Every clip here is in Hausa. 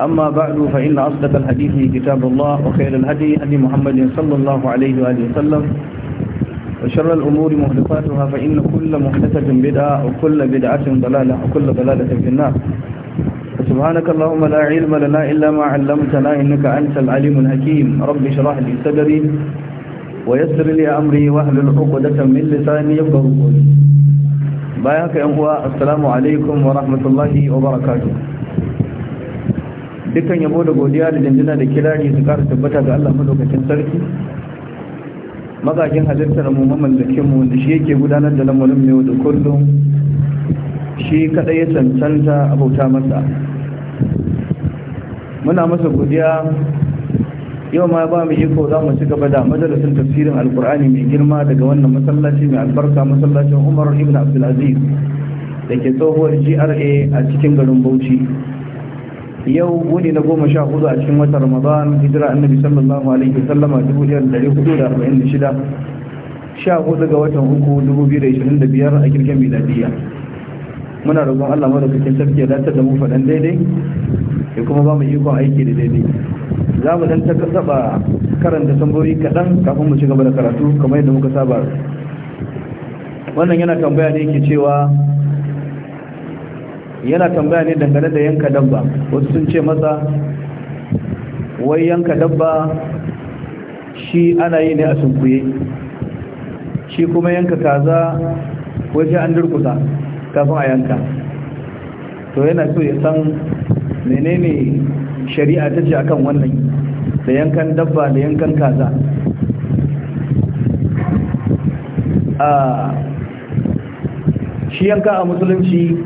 أما بعد فإن أصدق الحديث كتاب الله وخير الهدي هدي محمد صلى الله عليه وآله وسلم وشر الأمور محدثاتها فإن كل محدثة بدعة وكل بدعة ضلالة وكل ضلالة في النار سبحانك اللهم لا علم لنا إلا ما علمتنا إنك أنت العليم الحكيم رب اشرح لي صدري ويسر لي أمري واحلل عقدة من لساني يفقهوا قولي بايعك يا أخوة السلام عليكم ورحمة الله وبركاته dukkan yabo da godiya da jinjina da kirari su ƙara tabbata ga Allah madaukakin sarki magajin halittar mu da mu da shi yake gudanar da lamarin mai da kullum shi kadai ya cancanta abauta masa muna masa godiya yau ma ba mu iko za mu ci gaba da majalisin tafsirin alkur'ani mai girma daga wannan masallaci mai albarka masallacin umar ibn abdulaziz da ke tsohuwar gra a cikin garin bauchi yau wuni na goma sha hudu a cikin wata ramadan hijira annabi sallallahu alaihi wasallama dubu ɗaya da ɗari hudu da arba'in da shida sha hudu ga watan uku dubu biyu da ishirin da biyar a kirkin miladiya muna roƙon allah madaukakin sarki ya dace da mu faɗan daidai ya kuma ba mu ikon aiki da daidai za mu dan taɓa karanta tambayoyi kaɗan kafin mu ci gaba da karatu kamar yadda muka saba wannan yana tambaya ne ke cewa yana tambaya ne dangane da yanka dabba wasu sun ce masa wai yanka dabba shi ana yi ne a sunkuye shi kuma yanka kaza waje an durkusa kafin a yanka to yana so ya san menene shari'a ta ce akan wannan da yankan dabba da yankan kaza a ah, shi yanka a musulunci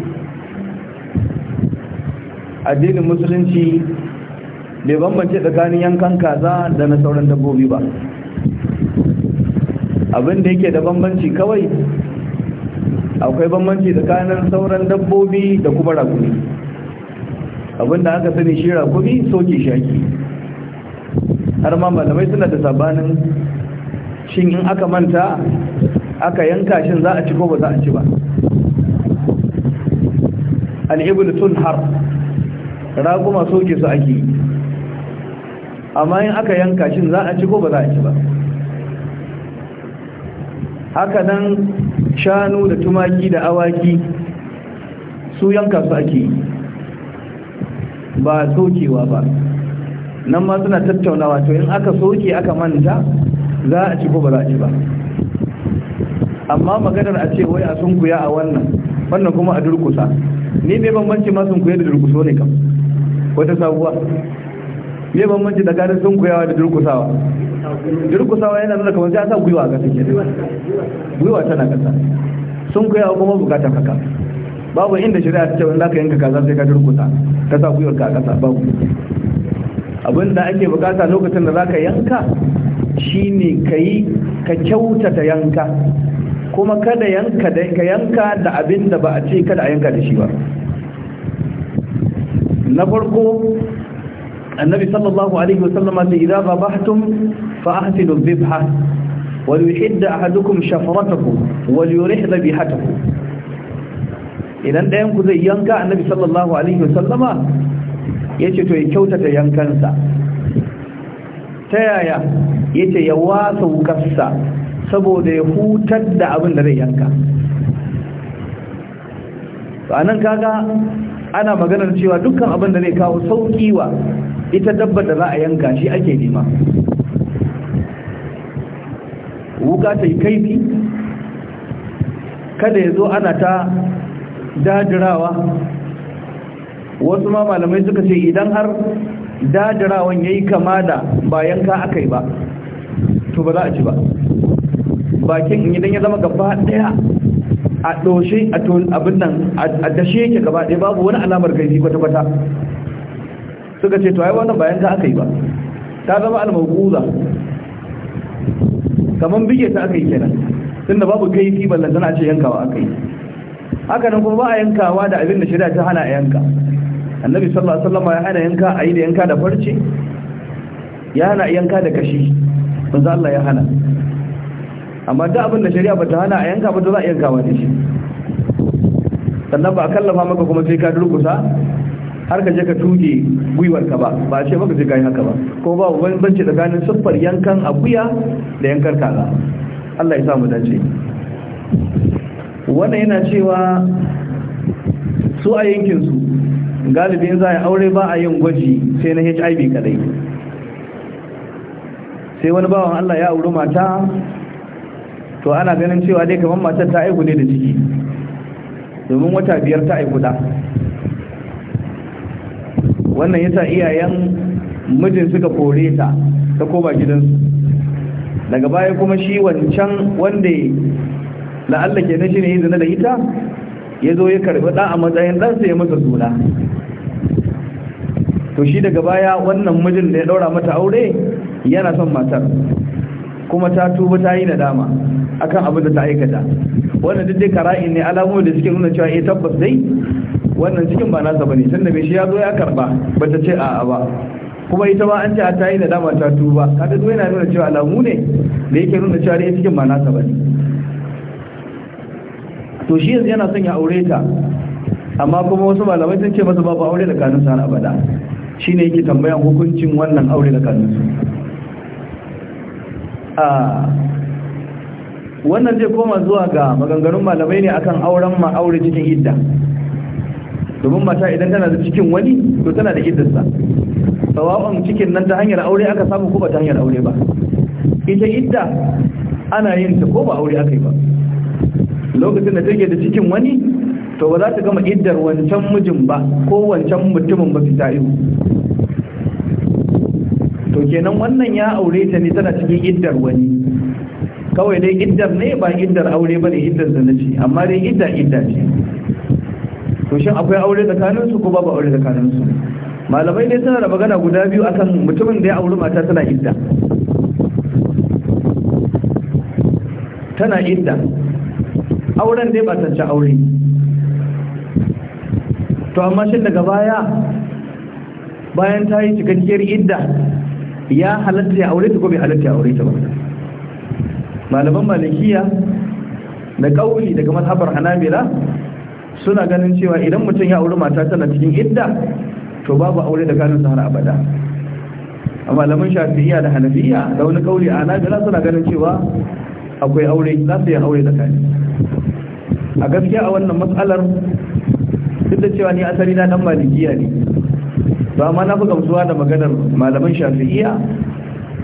addinin musulunci bai bambance tsakanin yankan kaza da na sauran dabbobi ba abin da yake da bambanci kawai akwai bambanci tsakanin sauran dabbobi da kuma rakumi abin da aka sani shi rakumi soke shaki har ma malamai suna da sabanin shin in aka manta aka yanka shin za a ci ko ba za a ci ba al tun har. raguma soke su ake yi. amma in aka yanka shin za a ci ko ba za a ci ba haka nan shanu da tumaki da awaki su yanka su ake yi, ba sokewa ba nan ma suna tattaunawa to in aka soke aka manta za a ci ko ba za a ci ba amma maganar a ce wai a sunkuya a wannan wannan kuma a durkusa ni mai bambanci ma sunkuya da durkuso ne kam wata sabuwa me bambanci sun sunkuyawa da durkusawa durkusawa yana nuna kamar sai an sa gwiwa a ƙasa gwiwa tana ƙasa sunkuyawa kuma bukatar haka babu inda shari'a ta ce wanda za ka yanka kaza sai ka durkusa ka sa gwiwar ka a ƙasa babu abin da ake bukata lokacin da za ka yanka shine ka yi ka kyautata yanka kuma kada yanka da yanka da abin da ba a ce kada a yanka da shi ba na farko annabi sallallahu alaihi wasallama ce idza zabahtum fa ahsinu dhibha wa yuhidd ahadukum shafratakum wa yurihd dhabihatakum idan dayan ku zai yanka annabi sallallahu alaihi wasallama yace to ya kyautata yankansa ta yaya yace ya wasa kassa saboda ya hutar da abin da zai yanka sanan kaga ana maganar cewa dukkan abin da zai kawo sauki wa ita dabba da za a yanka shi ake nema wuka ta yi kaifi kada ya zo ana ta dajirawa wasu ma malamai suka ce idan har dajirawan ya yi kama da bayan ka aka yi ba to ba za a ci ba bakin idan ya zama gaba daya a doshe a tun abin nan a dashe yake gaba ɗaya babu wani alamar gaibi kwata kwata suka ce to ai wannan bayan ta aka yi ba ta zama al kamar bige ta aka yi kenan tun da babu kaifi ballan tana ce yankawa aka yi haka nan kuma ba a yankawa da abin da shirya ta hana a yanka annabi sallallahu alaihi wasallam ya hana yanka a yi da yanka da farce ya hana yanka da kashi manzo Allah ya hana amma da abin da shari'a bata hana a yanka ba ta za a yanka wani shi sannan ba a kallafa maka kuma sai ka durkusa har ka je ka tuge gwiwarka ba ba ce maka sai ka yi haka ba ko ba wani banci tsakanin siffar yankan akuya da yankan kaza Allah ya sa mu dace wannan yana cewa su a yankin su galibi za a aure ba a yin gwaji sai na HIV kadai sai wani bawan Allah ya auri mata to ana ganin cewa dai kamar matar ta aiku ne da ciki domin wata biyar ta aiku da wannan yasa iyayen mijin suka kore ta ta koma gidansu daga baya kuma shi wancan wanda la'alla ke na shi ne izina da ita ya zo ya karbi ɗa a matsayin ɗansa ya masa suna to shi daga baya wannan mijin da ya ɗaura mata aure yana son matar kuma ta tuba ta yi nadama akan abin da ta aikata wannan duk dai kara'in ne alamomi da suke nuna cewa eh tabbas dai wannan cikin ba nasa bane tunda me shi ya zo ya karba bata ce a'a ba kuma ita ma an ce a ta yi dama ta tuba kaga duk yana nuna cewa alamu ne da yake nuna cewa dai cikin ba nasa bane to shi yanzu yana son ya aure ta amma kuma wasu malamai sun ce masa babu aure da kanin sa abada shine yake tambayan hukuncin wannan aure da kanun su ah, wannan zai koma zuwa ga maganganun malamai ne akan auren ma'aure cikin idda domin mata idan tana da cikin wani to tana da iddarsa sawa'un cikin nan ta hanyar aure aka samu ko ba ta hanyar aure ba ita idda ana yin ta ko ba aure aka yi ba lokacin da take da cikin wani to ba za ta gama iddar wancan mijin ba ko wancan mutumin ba fita yi to kenan wannan ya aure ta ne tana cikin iddar wani kawai dai iddar ne ba iddar aure ba ne iddar da ce amma dai idda idda ce to shin akwai aure tsakaninsu ko babu aure tsakaninsu malamai dai suna da magana guda biyu akan mutumin da ya auri mata tana idda tana idda auren dai ba tacce aure to amma shin daga baya bayan ta yi cikakkiyar idda ya halatta ya aure ta ko bai halatta ya aure ta ba malaman malikiya da kauli daga mazhabar hanabila suna ganin cewa idan mutum ya auri mata tana cikin idda to babu aure da ganin har abada a malaman shafi'iyya da hanafiya da wani kauli a hanabila suna ganin cewa akwai aure za su yi aure tsakani a gaskiya a wannan matsalar duk da cewa ni asali na dan malikiya ne ba ma na fi gamsuwa da maganar malaman shafi'iyya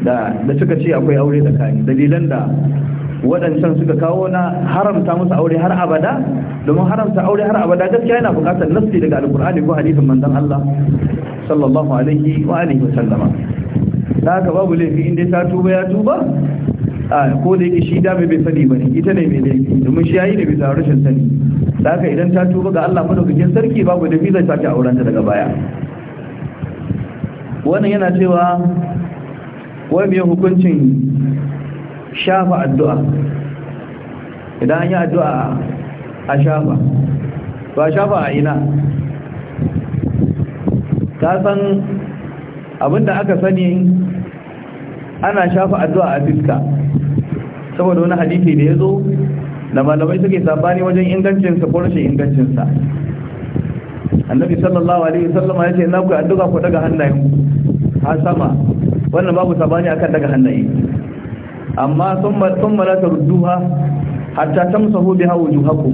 da suka ce akwai aure tsakani dalilan da waɗancan suka kawo na haramta musu aure har abada domin haramta aure har abada gaskiya yana buƙatar nasi daga alkur'ani ko hadisin manzon Allah sallallahu alaihi wa alihi wasallama da haka babu laifi in dai ta tuba ya tuba ko da yake shi dame bai sani bane ita ne mai laifi domin shi yayi da bisa rashin sani da haka idan ta tuba ga Allah madaukakin sarki babu da zai sake auren ta daga baya wannan yana cewa wai mai hukuncin shafa addu'a idan an yi addu'a a shafa ba shafa a ina ta san abinda aka sani ana shafa addu'a a fiska saboda wani hadisi da ya zo da malamai suke sabani wajen ingancinsa ko rashin ingancinsa annabi sallallahu alaihi wasallam ya ce na ku addu'a ku daga hannayen har sama wannan babu sabani akan daga hannaye amma thumma thumma la tarduha hatta tamsahu biha wujuhakum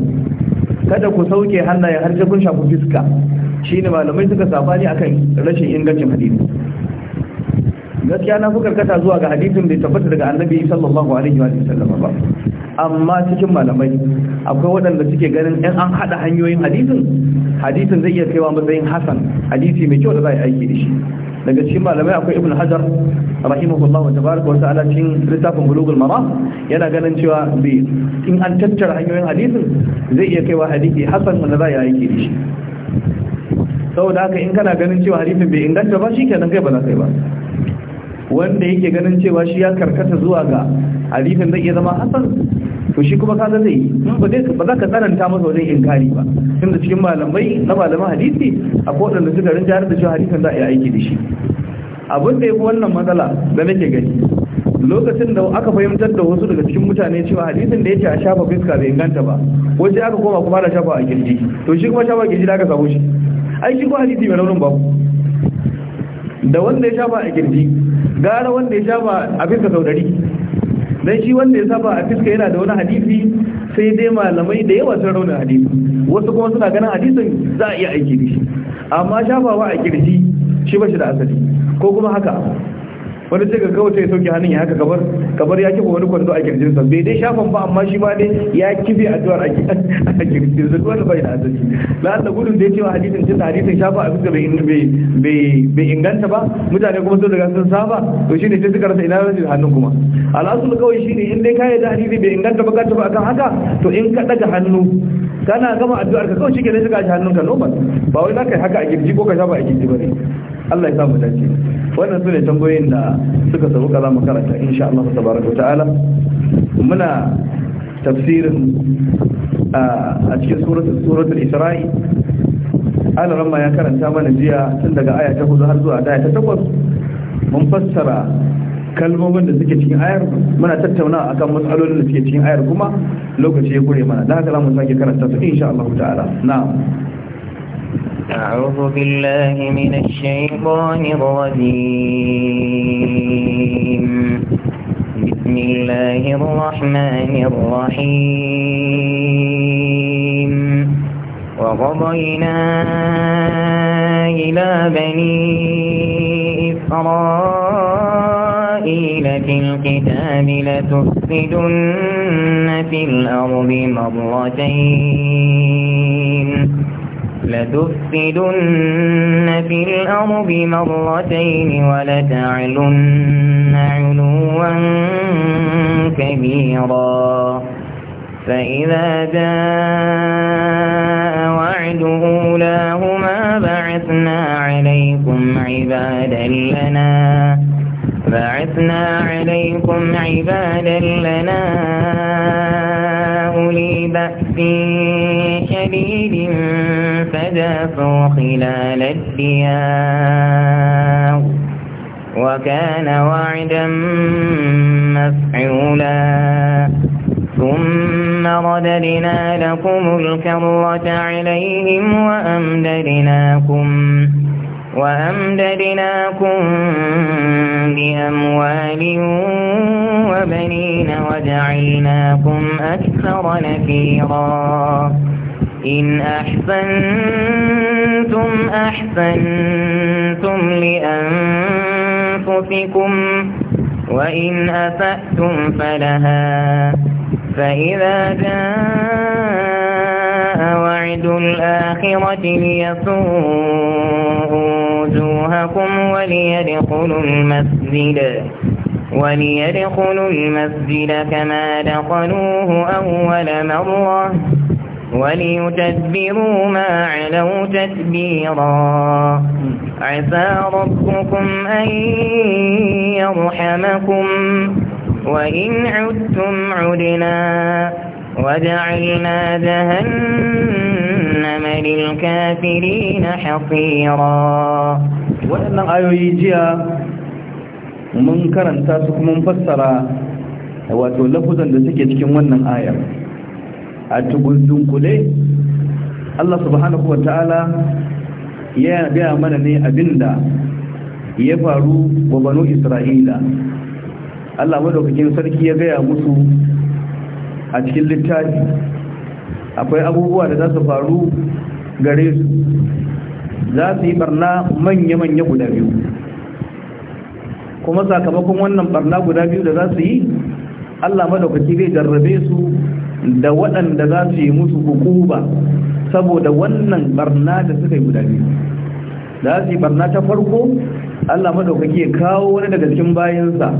kada ku sauke hannaye har sai kun shafi fiska shine malamai suka sabani akan rashin ingancin hadisi gaskiya na fi karkata zuwa ga hadisin bai tabbata daga annabi sallallahu alaihi wa sallam ba amma cikin malamai akwai waɗanda suke ganin in an haɗa hanyoyin hadisin hadisin zai iya kaiwa matsayin hasan hadisi mai kyau da za a yi aiki da shi daga cikin malamai akwai ibn hajar rahimahullah wa tabaraka wa ta'ala cikin littafin bulugul maram yana ganin cewa bi in an tattara hanyoyin hadisin zai iya kaiwa hadisi hasan wanda za a yi aiki da shi saboda haka in kana ganin cewa hadisin bai inganta ba shi kenan kai ba za kai ba wanda yake ganin cewa shi ya karkata zuwa ga hadisin zai iya zama hasan to shi kuma kaza zai yi ba za ka tsananta masa wajen inkari ba tun da cikin malamai na malaman hadisi ko waɗanda suka rinja da cewa hadisin za a yi aiki da shi abin da ya fi wannan matsala da nake gani lokacin da aka fahimtar da wasu daga cikin mutane cewa hadisin da ya ce a shafa fuska bai inganta ba wajen aka koma kuma da shafa a kirji to shi kuma shafa kirji da aka samu shi ai shi ko hadisi mai raunin babu da wanda ya shafa a kirji gara wanda ya shafa a fiska sau dan shi wanda ya saba a fiska yana da wani hadisi sai dai malamai da yawa sun rauna hadisi wasu kuma suna ganin hadisin za a iya aiki da shi amma shafawa a kirji shi ba shi da asali ko kuma haka wani ce ga kawai yi sauke hannun ya haka kabar kabar ya kifa wani kwando a kirjinsa bai dai shafan ba amma shi ma dai ya kife addu'ar a kirjinsa wani bai da asali la da gudun da ya ce wa hadisin cin hadisin shafa abin da bai inganta ba mutane kuma sun riga sun saba to shine sai suka rasa ina rajin hannun kuma al'asul kawai shine in dai kai da hadisi bai inganta ba ka ba akan haka to in ka daga hannu kana gama addu'ar ka kawai shike ne suka ji hannunka normal ba wai za ka yi haka a kirji ko ka shafa a kirji ba ne Allah ya samu dace wannan su ne tambayoyin da suka sauka za mu karanta insha Allah baraka ta'ala muna tafsirin a cikin suratul suratul isra'i ramma ya karanta mana jiya tun daga aya ta hudu har zuwa aya ta takwas mun fassara kalmomin da suke cikin ayar muna tattauna akan matsalolin da suke cikin ayar kuma lokaci ya gure mana da haka za mu sake karanta su insha Allah ta'ala na'am أعوذ بالله من الشيطان الرجيم بسم الله الرحمن الرحيم وقضينا إلى بني إسرائيل في الكتاب لتفسدن في الأرض مرتين لتفسدن في الأرض مرتين ولتعلن علوا كبيرا فإذا جاء وعد أولاهما بعثنا عليكم عبادا لنا بعثنا عليكم عبادا لنا أولي بأس شديد فدافوا خلال الديار وكان وعدا مفعولا ثم رددنا لكم الكرة عليهم وأمددناكم وأمددناكم بأموال وبنين وجعلناكم أكثر نفيرا إن أحسنتم أحسنتم لأنفسكم وإن أسأتم فلها فإذا جاء وعد الآخرة ليسوءوا وجوهكم وليدخلوا المسجد وليدخلوا المسجد كما دخلوه أول مرة وليتدبروا ما علوا تدبيرا عسى ربكم أن يرحمكم وإن عدتم عدنا وجعلنا جهنم للكافرين حصيرا وإن آيوي يجيها من تاسك su kuma fassara wato lafuzan da a tukun kule Allah subhanahu Ta'ala ya gaya mana ne abinda ya faru wa banu isra'ila Allah madaukakin sarki ya gaya musu a cikin littafi akwai abubuwa da za su faru gare su za su yi barna manya-manya guda biyu kuma sakamakon wannan barna guda biyu da za su yi Allah madaukaki zai jarrabe su da waɗanda za su yi musu hukuba saboda wannan barna da suka yi guda biyu da su yi barna ta farko Allah madaukaki ya kawo wani daga cikin bayansa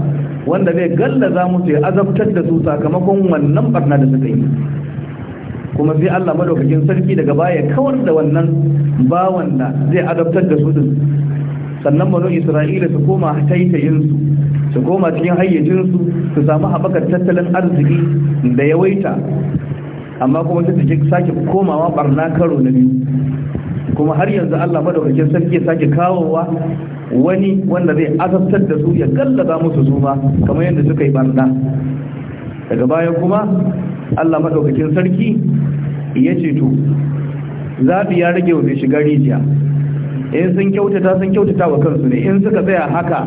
wanda zai gallaza musu ya azabtar da su sakamakon wannan barna da suka yi kuma sai Allah madaukakin sarki daga baya kawar da wannan bawan da zai azabtar da su din sannan banu Isra'ila su koma haitayinsu su koma cikin hayyacinsu su samu haɓakar tattalin arziki da yawaita amma kuma su cikin sake komawa barna karo na biyu kuma har yanzu Allah madaukakin sarki ya sake kawowa wani wanda zai azabtar da su ya gallaba musu zuma kamar yadda suka yi barna daga baya kuma Allah madaukakin sarki ya ce to ya rage wa bai shiga rijiya in sun kyautata sun kyautata wa kansu ne in suka tsaya haka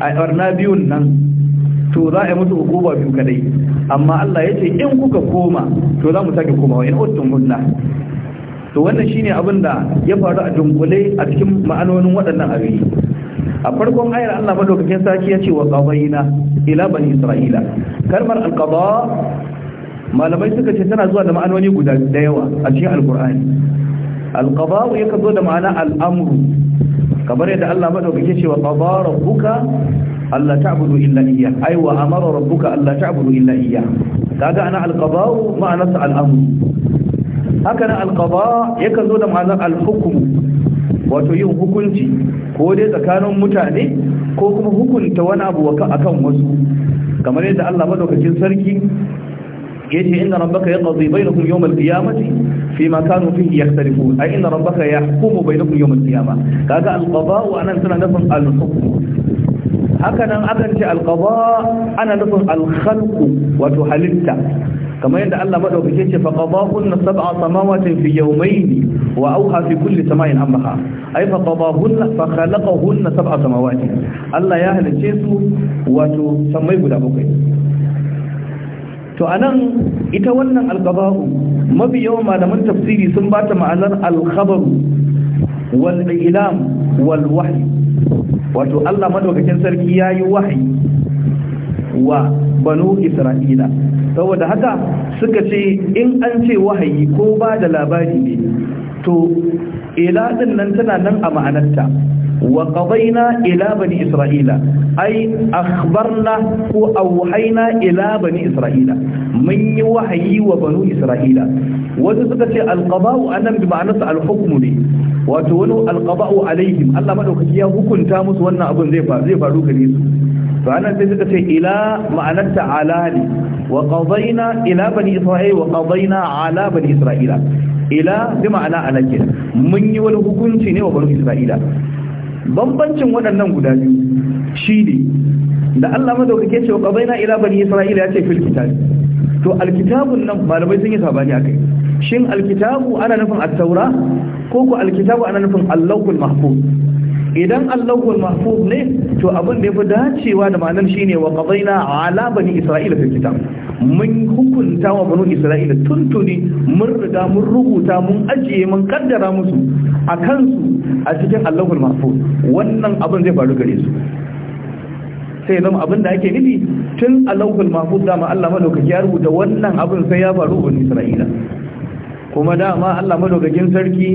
a barna biyun nan to za a yi musu hukuma biyu kadai amma Allah ya ce in kuka koma to za mu sake komawa in uttum hunna to wannan shine abin da ya faru a dunkule a cikin ma'anonin waɗannan ayoyi a farkon ayar Allah madaukakin sarki ya ce wa qawayna ila bani isra'ila kalmar alqada malamai suka ce tana zuwa da ma'anoni guda da yawa a cikin Alƙur'ani. alqada yake zo da ma'ana al'amru kamar yadda Allah madaukake cewa qadara rabbuka alla ta'budu illa iyyah ay wa amara rabbuka alla ta'budu illa iyyah kaga ana al-qada'u ma'anarsa al-amr haka na al-qada' yakan zo da ma'anar al-hukm wato yin hukunci ko dai tsakanin mutane ko kuma hukunta wani abu akan wasu kamar yadda Allah madaukakin sarki yace inna rabbaka yaqdi bainakum yawm al-qiyamati fima kanu fihi yakhtalifun ay inna rabbaka yahkumu bainakum yawm al-qiyamah kaga al-qada'u anan tana nafin al-hukm haka nan ce al ana nafin al wato halitta kamar yadda Allah madaukake ce fa qadahunna sab'a samawatin fi yawmayn wa awha fi kulli samain sab'a Allah ya halice su wato samai guda bakwai to anan ita wannan alkabaru mafi yawan malaman tafsiri sun bata ma'anar alkhabar wal ilam wal wahyi wato Allah madaukakin sarki yayi wahyi wa banu isra'ila saboda haka suka ce in an ce wahayi ko ba da labari ne to ila din nan tana nan a ma'anarta وقضينا الى بني اسرائيل اي اخبرنا واوحينا الى بني اسرائيل من يوحي وبنو اسرائيل وذكرت القضاء ان بمعنى الحكم لي وتولوا القضاء عليهم الله مدوك يا حكمت مسو wannan abun zai faru zai faru gare su to anan sai suka ce ila ma'anar ala ne wa qadaina ila bani isra'ila wa qadaina ala bani isra'ila ila bi ma'ana alake mun yi wani hukunci ne wa bani isra'ila bambancin waɗannan guda biyu shi ne da Allah madaukake ce wa qabaina ila bani isra'ila yace fil kitab to alkitabun nan malamai sun yi sabani akai shin alkitabu ana nufin at-taura ko ko alkitabu ana nufin allahul mahfuz idan allahul mahfuz ne to abin da ya fi dacewa da malam shine wa qabaina ala bani isra'ila fil kitab mun hukunta wa banu isra'ila tuntuni mun riga mun rubuta mun ajiye mun kaddara musu a kansu a cikin allahul mahfuz wannan abin zai faru gare su sai zama abin da ake nufi tun allahul mahfuz dama Allah madaukaki ya rubuta wannan abin sai ya faru banu isra'ila kuma dama Allah madaukakin sarki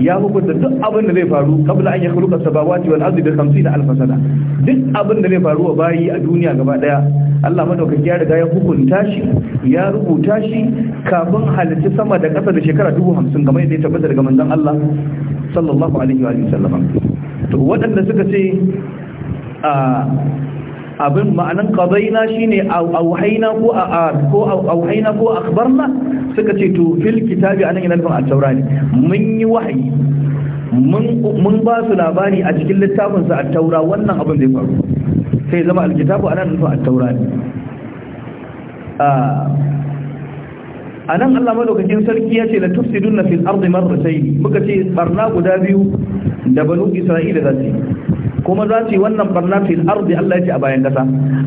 ya hukunta duk abin da zai faru kabla an yi khuluqa sabawati wal ardi bi 50 alf sana duk abin da zai faru wa bayi a duniya gaba daya Allah madaukaki ya riga ya hukunta shi ya rubuta shi kafin halitta sama da kasa da shekara 50 kamar da ya tabbata daga manzon Allah sallallahu alaihi wa sallam to waɗanda suka ce a ah, abin ma'anan shi ne a ko ko a ko suka ce to fil kitabi anan ina nufin a taura ne mun yi wahayi mun ba su labari a cikin littafinsa a taura wannan abin zai faru sai zama alkitabu a nan nufin a taura ne a nan Allah malaukakin sarki ya ce la tufsiduna fil ardi marratayn muka ce barna guda biyu da banu isra'ila za su yi kuma za su yi wannan barna fil da Allah ya ce a bayan kasa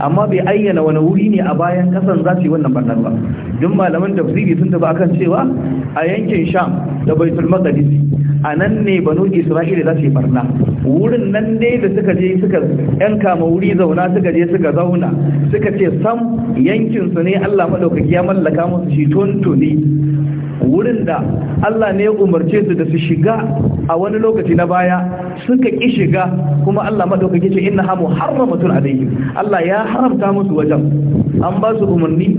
amma bai ayyana wani wuri ne a bayan kasan za su yi wannan barna ba duk malaman tafsiri sun tafi akan cewa a yankin Sham da Baitul Maqdis a nan ne banu Isra'ila za su yi barna wurin nan dai da suka je suka yan kama wuri zauna suka je suka zauna suka ce sam yankin su ne Allah madaukaki ya mallaka musu shi tuntuni wurin da Allah ne ya umarce su da su shiga a wani lokaci na baya suka ki shiga kuma Allah madaukake ce inna mutum a alayhi Allah ya haramta musu wajen an ba su umarni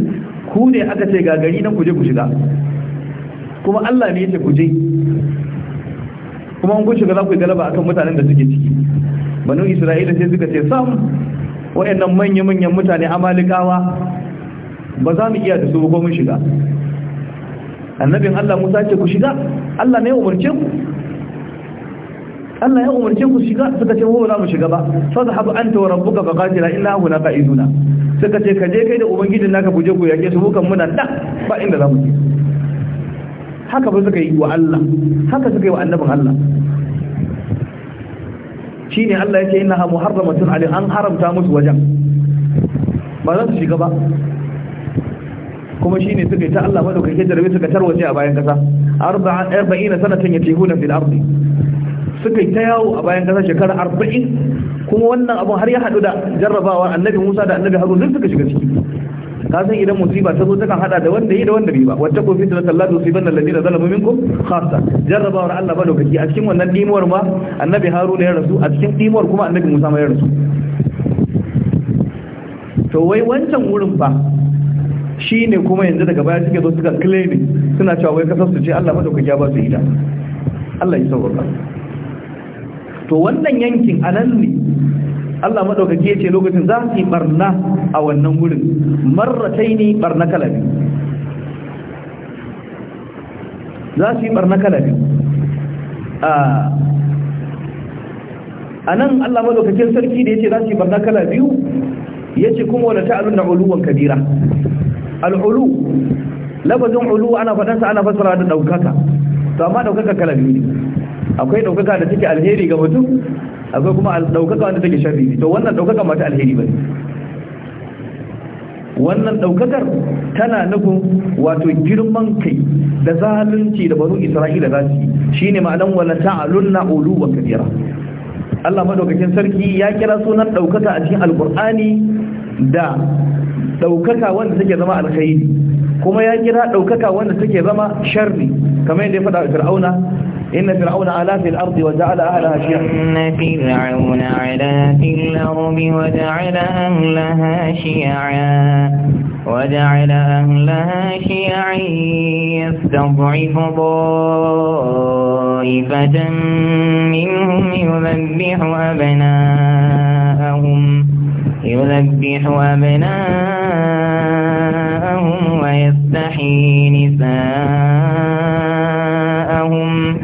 ku ne aka ce ga gari nan ku je ku shiga kuma Allah ne ya ce ku je kuma an ku shiga za ku yi galaba akan mutanen da suke ciki banu Isra'ila sai suka ce sam wayannan manya-manyan mutane amalikawa ba za mu iya da su ko mun shiga annabin Allah Musa ce ku shiga Allah ne ya umarce ku Allah ya umurce ku shiga suka ce ba mu shiga ba fadhhab anta wa rabbuka faqatila inna huna qa'iduna suka ce ka je kai da ubangijin naka ku je ku yake su bukan muna da ba inda za mu je haka ba suka yi wa Allah haka suka yi wa annabin Allah shine Allah yake innaha muharramatun alai an haramta musu wajen ba za su shiga ba kuma shine suka yi ta Allah madaukakin jarabe suka tarwaje a bayan kasa 40 sanatan yatihuna fil ardi suka yi ta yawo a bayan kasa shekara 40 kuma wannan abun har ya hadu da jarrabawa annabi Musa da annabi Harun duk suka shiga ciki ka san idan musiba ta zo takan hada da wanda yi da wanda bai ba wata ko fitna sallatu siban alladina zalamu minkum khassa jarrabawar Allah ba a cikin wannan dimuwar ma annabi Haruna ya rasu a cikin dimuwar kuma annabi Musa ma ya rasu to wai wancan wurin ba. shi ne kuma yanzu daga baya suke zo suka claiming suna cewa wai kasar su ce Allah madaukaki ya ba su yi da, Allah ya sauka to wannan yankin a nan ne Allah madaukaki ya ce lokacin za su yi barna a wannan wurin marratai ne barna kalabi. za su yi barna kalabi. a nan Allah madaukakin sarki da ya ce za su yi barna kala biyu ya ce kuma wadda ta'alun na uluwan kabira al'ulu labazin ulu ana faɗansa ana fasara da ɗaukaka to amma ɗaukaka kalami ne akwai ɗaukaka da take alheri ga mutum akwai kuma ɗaukaka wanda take sharri to wannan ɗaukaka mata alheri ba wannan ɗaukakar tana nufin wato girman kai da zalunci da banu isra'ila za su yi shine ma'anan wala ta'alunna wa kabira Allah madaukakin sarki ya kira sunan ɗaukaka a cikin alkur'ani da ɗaukaka wanda take zama alkhairi kuma ya kira ɗaukaka wanda take zama sharri kamar yadda ya faɗa fir'auna إن فرعون علا في الأرض وجعل أهلها شيعا إن فرعون علا في الأرض وجعل أهلها شيعا وجعل أهلها شيعا يستضعف طائفة منهم يذبح أبناءهم يذبح أبناءهم ويستحي نساءهم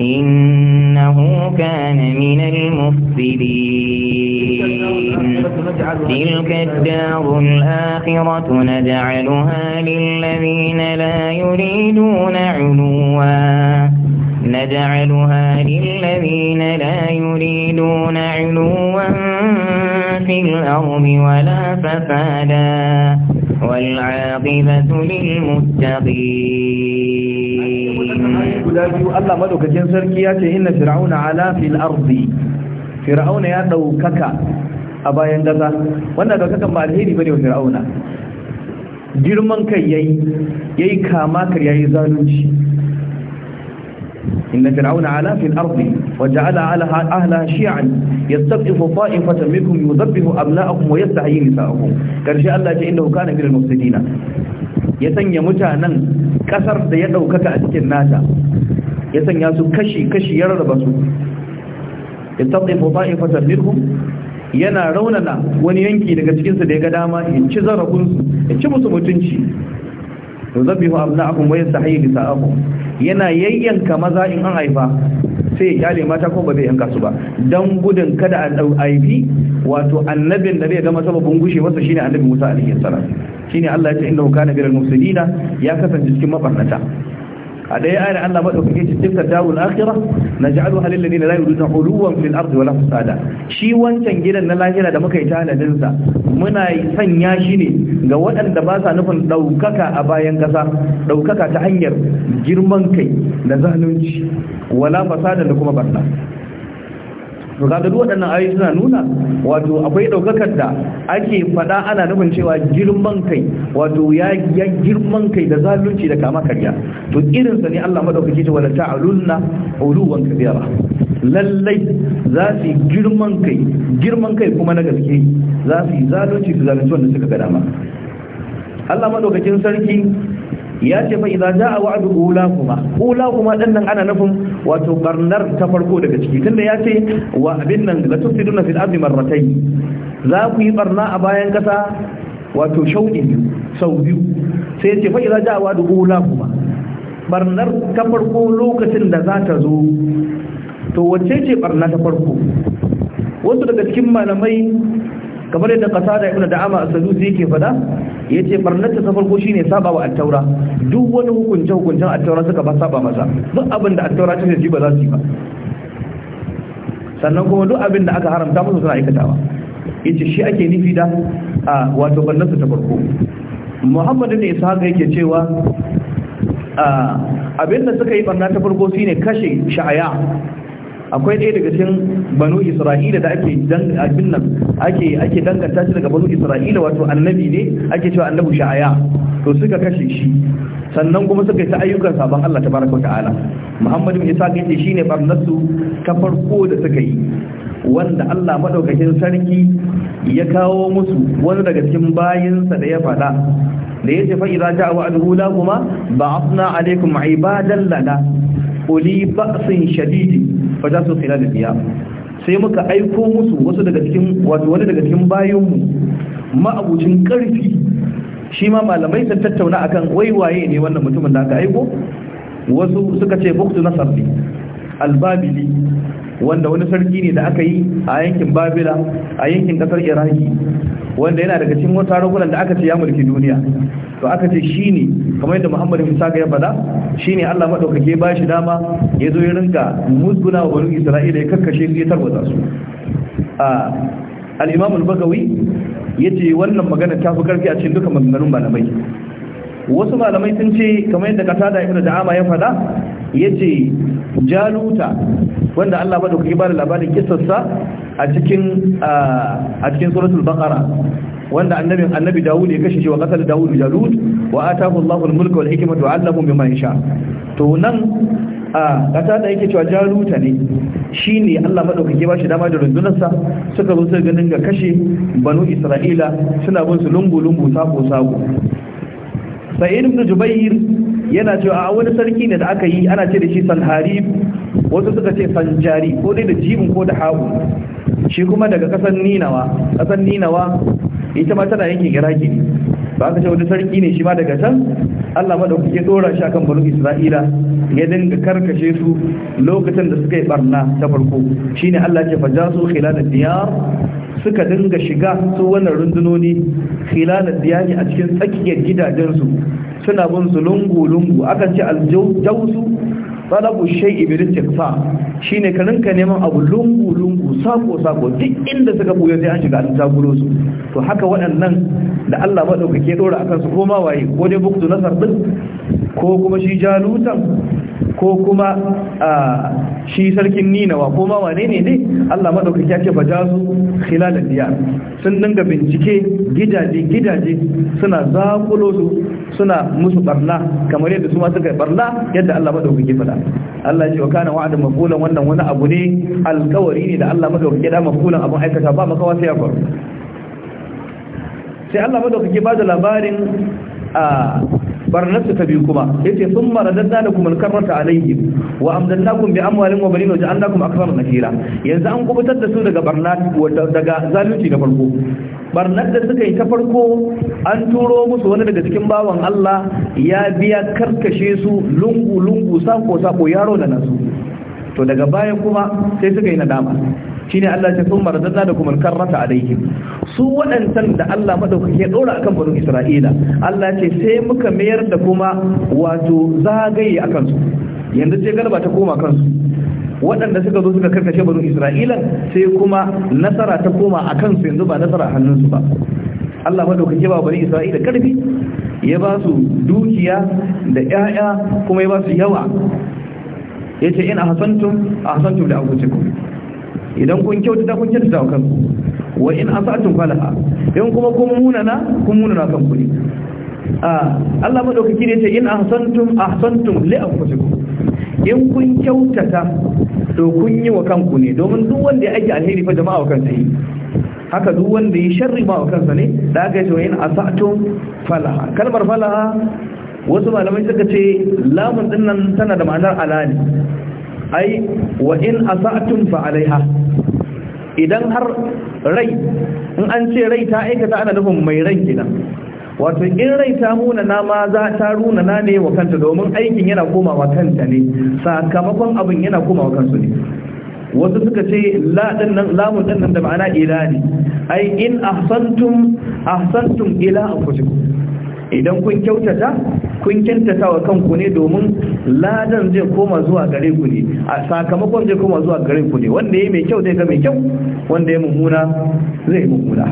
إنه كان من المفسدين تلك الدار الآخرة نجعلها للذين لا يريدون علوا نجعلها للذين لا يريدون علوا في الأرض ولا ففادا والعاقبة للمتقين الله ملوك جنسر كياتي إن فرعون على في الأرض فرعون يدوكك أبا يندفع وانا دوكك ما الهيري بني وفرعون girman kai yayi yayi كاماكر kar زالوش إن فرعون على في الأرض وجعل على اهلها شيعا يستقف طائفه منكم يذبح ابناءكم ويستحي نساءكم كان شيء الله انه كان من المفسدين ya sanya mutanen kasar da ya daukaka a cikin nata ya sanya su kashi ya rarraba su ya tsaifo ta'ifatar birhun yana raunana wani yanki daga cikinsu da ya ga dama ya ci zarafinsu ya ci musu mutunci ya zabi abu na abin wayan sahihi nisa abu yana yayyanka maza in an haifa sai ya kyale mata ko ba zai yanka su ba dan gudun kada a aibi wato annabin da zai zama sababin gushe masa shine annabi Musa alaihi salam shine Allah ya ce innahu kana bil mufsidina ya kasance cikin mabarnata a dai ayar Allah madaukake ce tilka darul akhirah naj'aluha lil ladina la yuriduna uluwan fil ardi wala fasada shi wancan gidan na lahira da muka yi tanadin sa muna sanya shi ne ga waɗanda ba sa nufin daukaka a bayan kasa daukaka ta hanyar girman kai da zalunci wala fasada da kuma barna to kaga duk waɗannan ayoyi suna nuna wato akwai daukakar da ake fada ana nufin cewa girman kai wato ya ya girman kai da zalunci da kama karya to irin sa ne Allah madaukake ce wala ta'alunna uluwan kabira lallai za su girman kai girman kai kuma na gaske za su zalunci su zalunci wanda suka ga dama Allah madaukakin sarki ya ce fa idza jaa wa'du kuma. ulahuma kuma nan ana nufin wato barnar ta farko daga ciki tunda ya ce wa abin nan la tufsiduna fil ardi marratayn za ku yi barna a bayan kasa wato shauɗi sau biyu sai ya ce fa idza jaa wa'du kuma barnar ta farko lokacin da za ta zo to wacce ce barna ta farko wasu daga cikin malamai kamar yadda kasada ibn da'ama as-sadusi yake fada yace barnata ta farko shine saba wa at-taura duk wani hukunci hukuncin at-taura suka ba saba masa duk abin da at-taura ta ce ba za su yi ba sannan kuma duk abin da aka haramta musu suna aikatawa yace shi ake nufi da wato barnata ta farko Muhammad ibn Ishaq yake cewa abin da suka yi barna ta farko shine kashe sha'aya akwai ɗaya daga cikin banu isra'ila da ake abin nan ake ake danganta shi daga banu isra'ila wato annabi ne ake cewa annabu sha'aya to suka kashe shi sannan kuma suka yi ta ayyukan sabon Allah tabaraka ta'ala Muhammadu bin Isa yace shine barnasu ta farko da suka yi wanda Allah madaukakin sarki ya kawo musu wani daga cikin bayinsa da ya faɗa da yace fa idza ja'a wa'duhu lahum ba'athna alaykum ibadan lana uli ba'sin shadidi fa jasu khilal al-qiyam sai muka aiko musu wasu daga cikin wato wani daga cikin mu ma'abucin karfi shi ma malamai sun tattauna akan wai waye ne wannan mutumin da aka aiko wasu suka ce buktu nasabi albabili wanda wani sarki ne da aka yi a yankin babila a yankin kasar iraki wanda yana daga cikin wata rukunan da aka ce ya mulki duniya to aka ce shi ne kamar yadda muhammadu musa ga ya faɗa shi ne allah maɗaukake ba shi dama ya zo ya rinka musguna wa bani isra'ila ya kakkashe su ya tarwata su a al-bagawi ya ce wannan magana ta fi karfi a cikin dukkan maganganun malamai wasu malamai sun ce kamar yadda kata da ibn da'ama ya faɗa yace jaluta wanda Allah madaukaki ba da labarin kissarsa a cikin a cikin suratul baqara wanda annabi annabi Dawud ya kashe wa qatala Dawud Jalut wa atahu Allahu mulka wal hikmata wa 'allamahu mimma yasha to nan a kasa da yake cewa jaruta ne shine Allah madaukake ba shi dama da rundunarsa suka zo su ganin ga kashe banu Isra'ila suna bin su lungu lungu sako sako Sa'id ibn yana cewa a wani sarki ne da aka yi ana ce da shi sanhari wasu suka ce sanjari ko dai da jibin ko da hagu shi kuma daga kasar ninawa kasar ninawa ita ma tana yankin iraki ne ba aka ce wani sarki ne shi ma daga can allah maɗauki ya ɗora shi akan banu isra'ila ya dinga karkashe su lokacin da suka yi barna ta farko shine allah ce fa jasu khilalad diyar suka dinga shiga su wannan rundunoni khilalad diyar a cikin tsakiyar gidajensu suna bin su lungu-lungu akan ce aljausu talabu shai ibirin teksa shi ne karinka neman abu lungu-lungu sako-sako duk inda suka buya sai an shiga an tagulo su to haka waɗannan da allah maɗaukake ɗora akan su ma waye ko dai buktu nasar ɗin ko kuma shi jalutan ko kuma shi sarkin ninawa ko ma wane ne ne Allah madaukaki ya ce ba ja su khilalan diyar sun dinga bincike gidaje gidaje suna zakulo su suna musu barna kamar yadda su ma suka barna yadda Allah madaukaki faɗa Allah ce wa kana wa'adun mafulan wannan wani abu ne alkawari ne da Allah madaukaki da mafulan abun aikata ba makawa sai ya faru sai Allah madaukaki ba da labarin barnarsu ta biyu kuma yace sun maradanna da kuma karrata alayhi wa amdannakum bi amwalin wa banin wa ja'alnakum akthara nakira yanzu an kubutar da su daga barna daga zalunci na farko barnar da suka yi ta farko an turo musu wani daga cikin bawan Allah ya biya karkashe su lungu lungu sako sako yaro da nasu to daga baya kuma sai suka yi nadama shine Allah ya sun marzana da kuma karrata alaihim su waɗancan da Allah madaukake ya dora akan banu Isra'ila Allah ce sai muka mayar da kuma wato zagaye akan su yanzu sai garba ta koma kansu waɗanda suka zo suka karkashe banu Isra'ila sai kuma nasara ta koma akan su yanzu ba nasara hannunsu ba Allah madaukake ba banu Isra'ila karfi ya ba su dukiya da ƴaƴa kuma ya ba su yawa yace in ahsantum ahsantum da anfusikum idan kun kyautata kun kyautata wa kanku wa in asatum falaha in kuma kun munana kun munana kanku ne ah, Allah madaukaki ne yace in ahsantum ahsantum li anfusikum in kun kyautata to kun yi wa kanku ne domin duk wanda ya aiki alheri fa jama'a wa kansa yi haka duk wanda ya sharri ba wa kansa ne da aka yi wa in asatum falaha kalmar falaha wasu malamai suka ce lamun din nan tana da ma'anar ala ne ai wa in asatun fa alaiha idan har rai in an ce rai ta aikata ana nufin mai rai kenan wato in rai ta muna na ma za ta runa na ne wa kanta domin aikin yana komawa kanta ne sakamakon abin yana komawa kansu ne wasu suka ce lamun din nan da ma'ana ila ne ai in ahsantum ahsantum ila anfusikum idan kun kyautata kun kyautata wa kanku ne domin ladan zai koma zuwa gare ku ne a sakamakon zai koma zuwa gare ku ne wanda ya mai kyau zai ga mai kyau wanda ya mummuna zai yi mummuna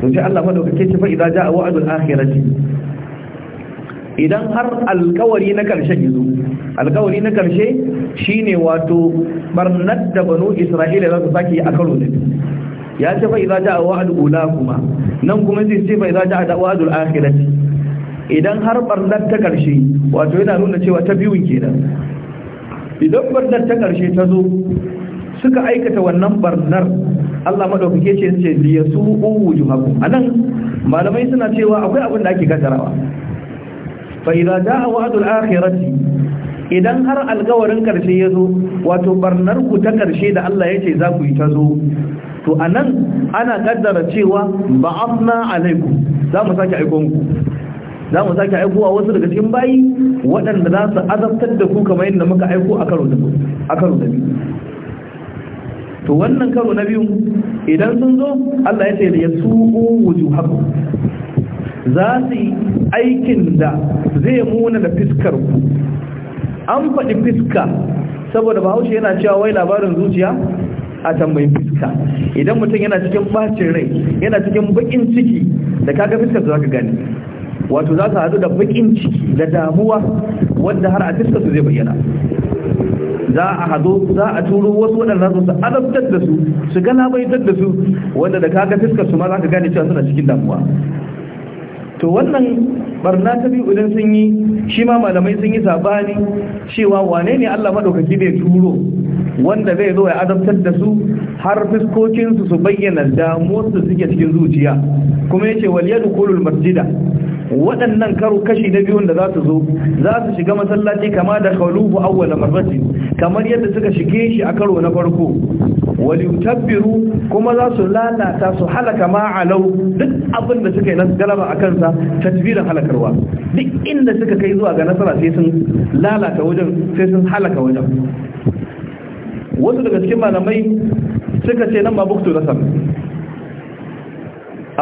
to sai Allah madaukake ce fa idza jaa wa'dul akhirati idan har alkawari na karshe gizo alkawari na karshe shine wato barnat da banu isra'ila za su saki a karo ne ya ce fa idza jaa wa'dul ula kuma nan kuma zai ce fa idza jaa wa'dul akhirati idan har barnar ta ƙarshe, wato yana nuna cewa ta biyun kenan idan barnar ta ƙarshe ta zo suka aikata wannan barnar Allah maɗaukake ce ce biya su A nan, malamai suna cewa akwai abin da ake gajarawa. fa za a wa'dul akhirati idan har alkawarin ƙarshe ya zo wato barnar ku ta ƙarshe da Allah ya ce za ku yi ta zo to a nan ana ƙaddara cewa ba'afna alaiku, za mu sake aiko ku za mu sake aiko a wasu daga cikin bayi waɗanda za su azabtar da ku kamar yadda muka aiko a karo na biyu to wannan karo na biyu idan sun zo Allah ya ce ya wuju wujuhakum za su yi aikin da zai muna da fiskar ku an faɗi fiska saboda bahaushe yana cewa wai labarin zuciya a tambayin fiska idan mutum yana cikin bacin rai yana cikin baƙin ciki da kaga fiskar za ka gani wato za su hadu da bakin ciki da damuwa wanda har a fiskar su zai bayyana za a hado za a turo wasu waɗanda su su azabtar da su su gana baitar da su wanda da kaga fiskar su ma za ka gane cewa suna cikin damuwa to wannan barna ta biyu idan sun yi shi ma malamai sun yi sabani cewa wane ne Allah madaukaki bai turo wanda zai zo ya azabtar da su har fiskokinsu su bayyana su suke cikin zuciya kuma yace wal yadkhulul masjida waɗannan karo kashi na biyun da za su zo za su shiga masallaci kama da kalubu awwala marrati kamar yadda suka shige shi a karo na farko wali tabbiru kuma za su lalata su halaka ma alau duk abin da suka yi na galaba a kansa tasbirin halakarwa duk inda suka kai zuwa ga nasara sai sun lalata wajen sai sun halaka wajen wasu daga cikin malamai suka ce nan ma buktu nasar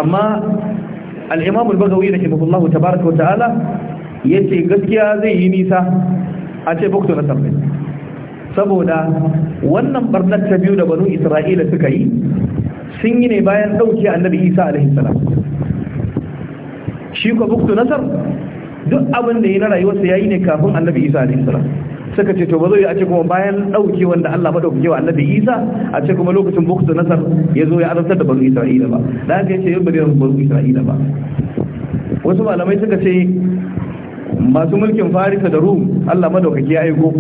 amma alimamul imam da bagawi rahimahullahu tabaaraka wa ta'ala yace gaskiya zai yi nisa a ce bukto na sabbi saboda wannan barnar ta biyu da banu isra'ila suka yi sun yi ne bayan ɗauki annabi isa alaihi salam shi ko bukto nasar duk abin da yi na rayuwarsa yayi ne kafin annabi isa alaihi suka ce to ba zai a ce kuma bayan dauke wanda Allah madaukake wa annabi Isa a ce kuma lokacin da nasar ya zo ya azabtar da banu Isra'ila ba da haka yace yau bari banu Isra'ila ba wasu malamai suka ce masu mulkin Farisa da Rum Allah madaukake ya aiko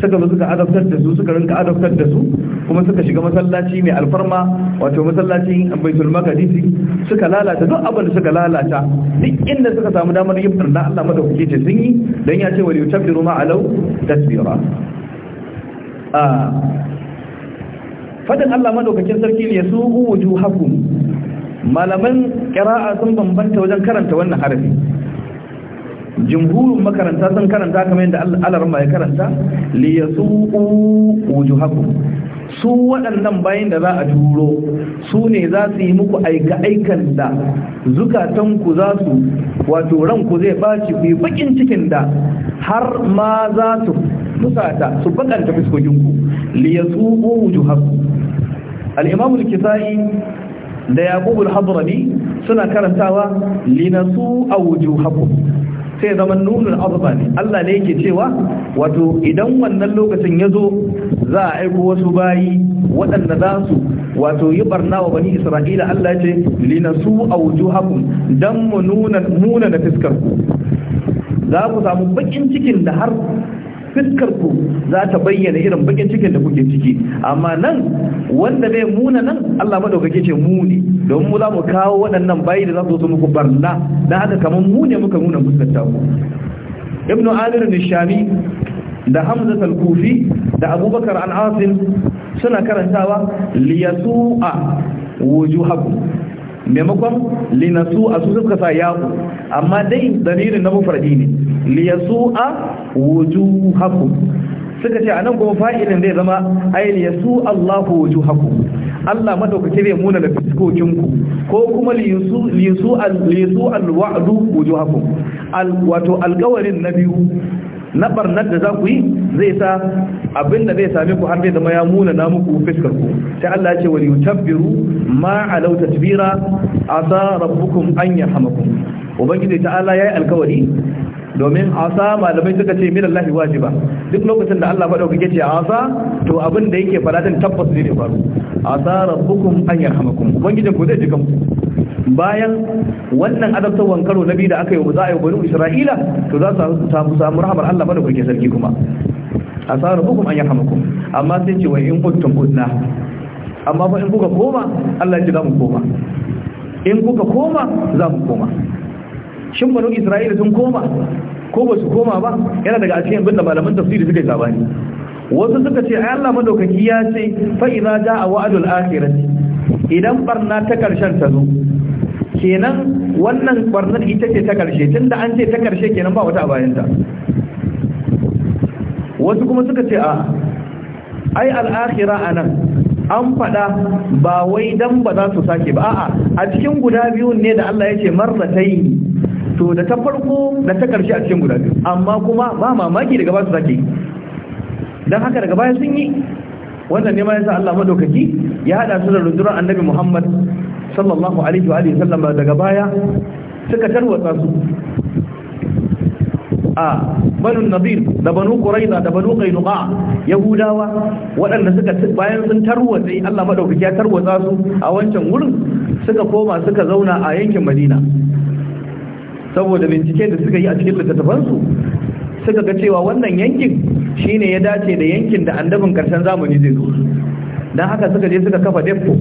suka zo suka adabtar da su suka rinka adabtar da su kuma suka shiga masallaci mai alfarma wato masallacin baitul maqdisi suka lalata duk abin da suka lalata duk inda suka samu damar yin barna Allah madaukake ce sun yi dan ya ce wa yutabiru ma alau tasbira a fadin Allah madaukakin sarki ne su wujuhakum malaman qira'a sun bambanta wajen karanta wannan harafi jumhurin makaranta sun karanta kamar yadda alarma ya karanta li yasuqu su waɗannan bayan da za a turo su ne za su yi muku aika aikan da zukatanku za su wato ranku zai baci ku yi bakin cikin da har ma za su fusata su bakanta fuskokinku li yasuqu wujuhakum kisai da yaqub al suna karantawa linasu awjuhakum sai zama nunul azaba ne Allah ne yake cewa wato idan wannan lokacin ya zo za a aiko wasu bayi waɗanda za su wato yi barna wa bani isra'ila Allah ce linasu hakun, dan mu nuna nuna fiskar ku za ku samu bakin cikin da har fiskar ku za ta bayyana irin bakin cikin da kuke ciki amma nan wanda zai muna nan Allah madaukake ce mu ne don mu za mu kawo waɗannan bayi da za su zo muku barna da haka kamar mu ne muka nuna fuskar ku Ibn adir nishami da hamza al da abubakar al-asim suna karantawa liyasu'a wujuhakum maimakon linasu a su suka sa yaku amma dai dalilin na mufardi ne liyasu a wujuhakum suka ce anan kuma fa'ilin zai zama ayin yasu Allahu wujuhakum Allah madaukake zai muna da fiskokin ko kuma liyasu al-wa'du wato alkawarin na biyu na barnar da za ku yi zai sa abin da zai same ku har zai zama ya muna na muku fiskar ku sai Allah ya ce wal yutabbiru ma alau tasbira asa rabbukum an yarhamakum ubangiji ta'ala yayi alkawari domin asa malamai suka ce min Allah wajiba duk lokacin da Allah faɗa kuke ce asa to abin da yake fara din tabbas ne faru asa rabbukum an yarhamakum ubangijin ku zai kanku bayan wannan adabtawan karo nabi da aka yi wa za a yi bani isra'ila to za su samu samu rahamar Allah bada kuke sarki kuma asa rabbukum an yarhamakum amma sai ce wa in kuntum udna amma fa in kuka koma Allah ya ce za mu koma in kuka koma za mu koma shin banu isra'ila sun koma ko ba su koma ba yana daga cikin abin da malaman tafsiri suka sabani wasu suka ce ay Allah madaukaki ya ce fa idza jaa wa'dul akhirati idan barna ta karshen ta zo kenan wannan barnar ita ce ta karshe tunda an ce ta karshe kenan ba wata bayan ta wasu kuma suka ce a ay al-akhira anan an faɗa ba wai dan ba za su sake ba a'a a cikin guda biyun ne da Allah ya ce marratai to da ta farko da ta karshe a cikin guda biyu amma kuma ba mamaki daga ba su sake don haka daga baya sun yi wannan ne ma yasa Allah madaukaki ya hada su da rundunar annabi Muhammad sallallahu alaihi wa sallam daga baya suka tarwatsa su a banu nadir da banu quraiza da banu qainuqa yahudawa waɗanda suka bayan sun tarwatsa Allah madaukaki ya tarwatsa su a wancan wurin suka koma suka zauna a yankin Madina saboda bincike da suka yi a cikin littattafansu suka ga cewa wannan yankin shine ya dace da yankin da annabin karshen zamani zai zo don haka suka je suka kafa depo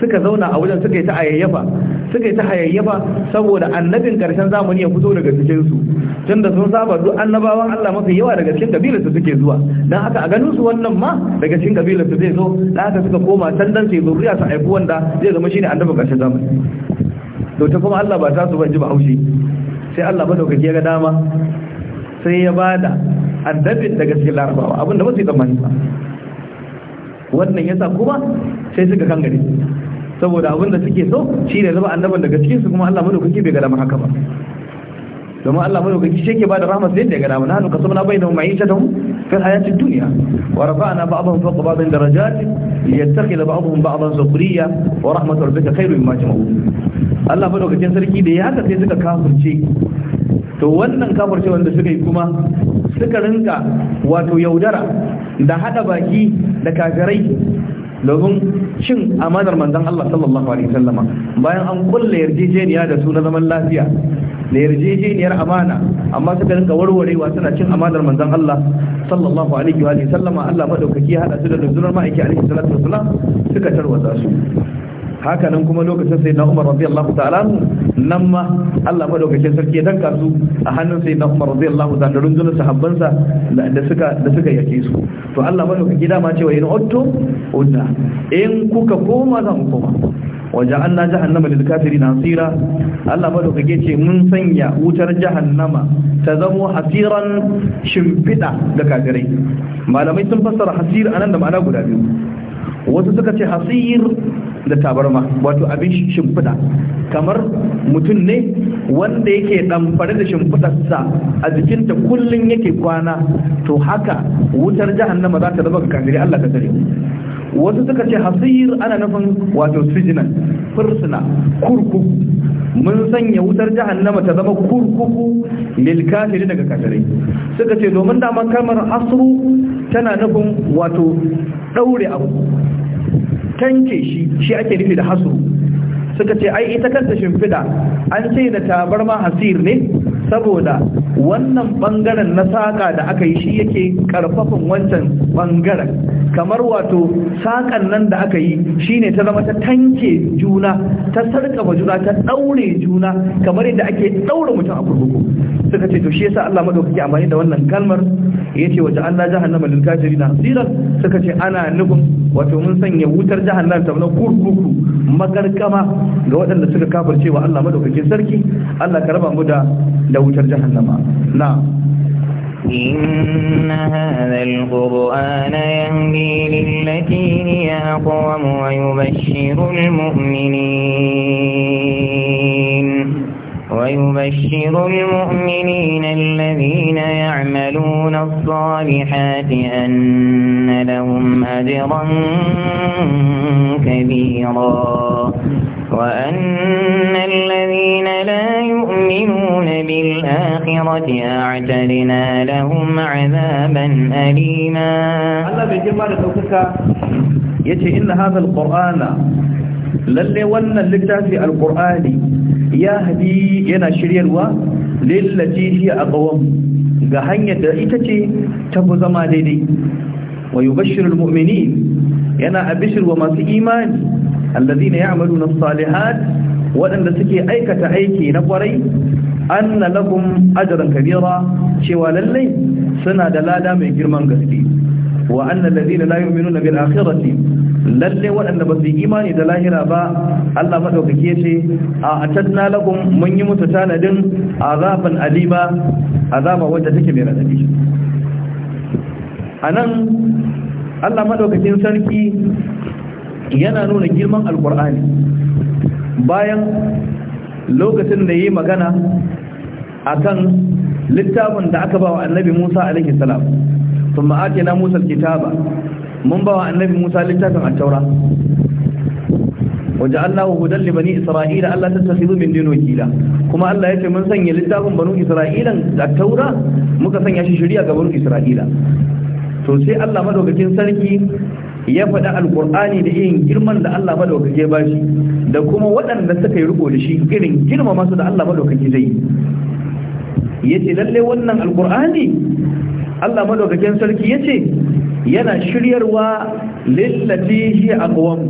suka zauna a wajen suka yi ta ayayyafa suka yi ta hayayyafa saboda annabin karshen zamani ya fito daga cikinsu tun da sun saba duk annabawan Allah mafi yawa daga cikin su suke zuwa don haka a ganin su wannan ma daga cikin su zai zo dan haka suka koma can dan sai zuriya su haifi wanda zai zama shine annabin karshen zamani to ta kuma Allah ba ta su ban ji ba haushi sai Allah madaukaki ya ga dama sai ya bada addabin daga cikin larabawa abinda ba su yi tsammani ba wannan yasa kuma sai suka gari saboda abinda suke so shi ne zama annaban daga cikin su kuma Allah madaukaki bai ga dama haka ba domin Allah madaukaki shi ke bada rahama sai da ga dama nanu kasabna bainahum mu. في الحياة الدنيا ورفعنا بعضهم فوق بعض درجات ليتخذ بعضهم بعضا سخرية ورحمة ربك خير مما يجمعون Allah fa lokacin sarki da ya haka sai suka kafirce to wannan kafirce wanda suka yi kuma suka rinka wato yaudara da haɗa baki da kafirai domin cin amanar manzon Allah sallallahu alaihi wasallama bayan an kulle yarjejeniya da su na zaman lafiya da yarjejeniyar amana amma suka rinka warwarewa suna cin amanar manzon Allah sallallahu alaihi wa sallama Allah madaukaki hada su da rundunar ma'aiki alaihi salatu wasalam suka tarwatsa su haka nan kuma lokacin sai na umar radiyallahu ta'ala nan ma Allah madaukakin sarki ya danka su a hannun sai na umar radiyallahu ta'ala rundunar sa da suka da suka yake su to Allah madaukaki dama cewa in otto udda in kuka koma zan koma waje an na jahannama da kafiri na tsira Allah da ce mun sanya wutar jahannama ta zamo hasiran shimfiɗa ga kafirai malamai sun fassara hasir a nan da ma'ana guda biyu wasu suka ce hasir da tabarma wato abin shimfiɗa, kamar mutum ne wanda yake damfare da shimfiɗarsa a jikinta kullum yake kwana to haka wutar jahannama za ta zama ga kafirai Allah ka tsare wasu suka ce hasir ana nufin wato sijinan fursuna kurkuku mun sanya wutar jihar jahannama ta zama kurkuku lil kafiri daga kafirai suka ce domin daman kalmar asru tana nufin wato daure abu tanke shi shi ake nufi da hasru suka ce ai ita kanta shimfida an ce da ma hasir ne saboda wannan bangaren na saƙa da aka yi shi yake karfafin wancan bangaren kamar wato saƙan nan da aka yi shi ne ta zama ta tanke juna ta sarƙafa juna ta ɗaure juna kamar yadda ake ɗaure mutum a kurkuku suka ce to shi yasa Allah madaukaki amfani da wannan kalmar yace wace Allah jahannama lil kafirina hasira suka ce ana nufin wato mun sanya wutar jahannama ta kurkuku magarkama ga waɗanda suka kafirce wa Allah madaukakin sarki Allah ka raba mu da وتر جهنم لا نعم. إن هذا القرآن يهدي للتي هي أقوم ويبشر المؤمنين ويبشر المؤمنين الذين يعملون الصالحات أن لهم أجرا كبيرا وأن الذين لا يؤمنون بالآخرة أعتدنا لهم عذابا أليما يتي إن هذا القرآن للي ون في القرآن يهدي إلى شريا الوا للتي هي أقوام قهنية دائتتي تبو زمان ويبشر المؤمنين ينا أبشر وما في إيمان allazina ya'maluna na salihat waɗanda suke aikata aiki na kwarai anna lahum ajran kabira cewa lallai suna da lada mai girman gaske wa anna allazina la yu'minuna bil akhirati Lallai waɗanda ba su yi imani da lahira ba Allah madaukake ce a na lahum mun yi mutu tanadin azaban alima azaba wadda take mai radadi anan Allah madaukakin sarki yana nuna girman alkur'ani bayan lokacin da yi magana a kan littafin da aka ba wa annabi Musa alaihi salam thumma na Musa kitaba mun ba wa annabi Musa littafin a taura Allah hudan li libani isra'ila Allah ta tattakhidhu min dino wakila kuma Allah ya ce mun sanya littafin banu isra'ilan da taura muka sanya shi shirya ga banu isra'ila to Allah madaukakin sarki ya faɗi alkur'ani da irin girman da Allah madaukake ba shi da kuma waɗanda suka yi riko da shi irin girma masu da Allah madaukake zai ya ce lalle wannan alkur'ani Allah madaukaken sarki ya ce yana shiryarwa lillati shi aqwam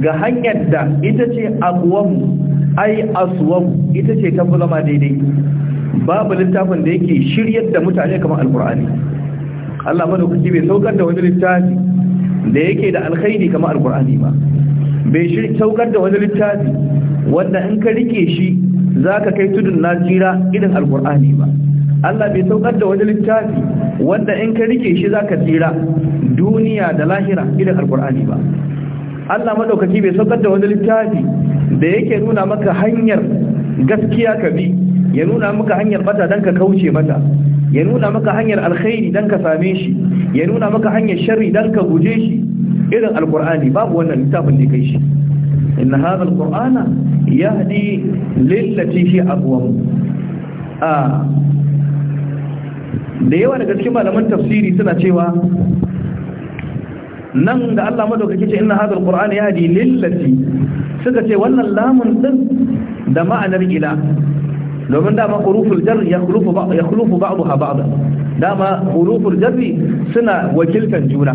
ga hanyar da ita ce aqwam ai aswam ita ce ta zama daidai babu littafin da yake shiryar da mutane kamar alkur'ani Allah madaukaki bai saukar da wani littafi da yake da alkhairi kamar alkur'ani ba bai shi saukar da wani littafi wanda in ka rike shi za ka kai tudun na jira irin alkur'ani ba Allah bai saukar da wani littafi wanda in ka rike shi za ka tsira duniya da lahira irin alkur'ani ba Allah madaukaki bai saukar da wani littafi da yake nuna maka hanyar gaskiya ka bi ya nuna maka hanyar bata don ka kauce mata ya nuna maka hanyar alkhairi dan ka same shi ya nuna maka hanyar sharri dan ka guje shi irin alkur'ani babu wannan littafin da kai shi inna hadha alqur'ana yahdi lillati hi aqwam a da yawa daga cikin malaman tafsiri suna cewa nan da Allah madaukake ce inna hadha alqur'ana yahdi lillati suka ce wannan lamun din da ma'anar ila domin dama huruful jar ya khulufu ba'daha ba'da dama huruful jarri suna wakiltan juna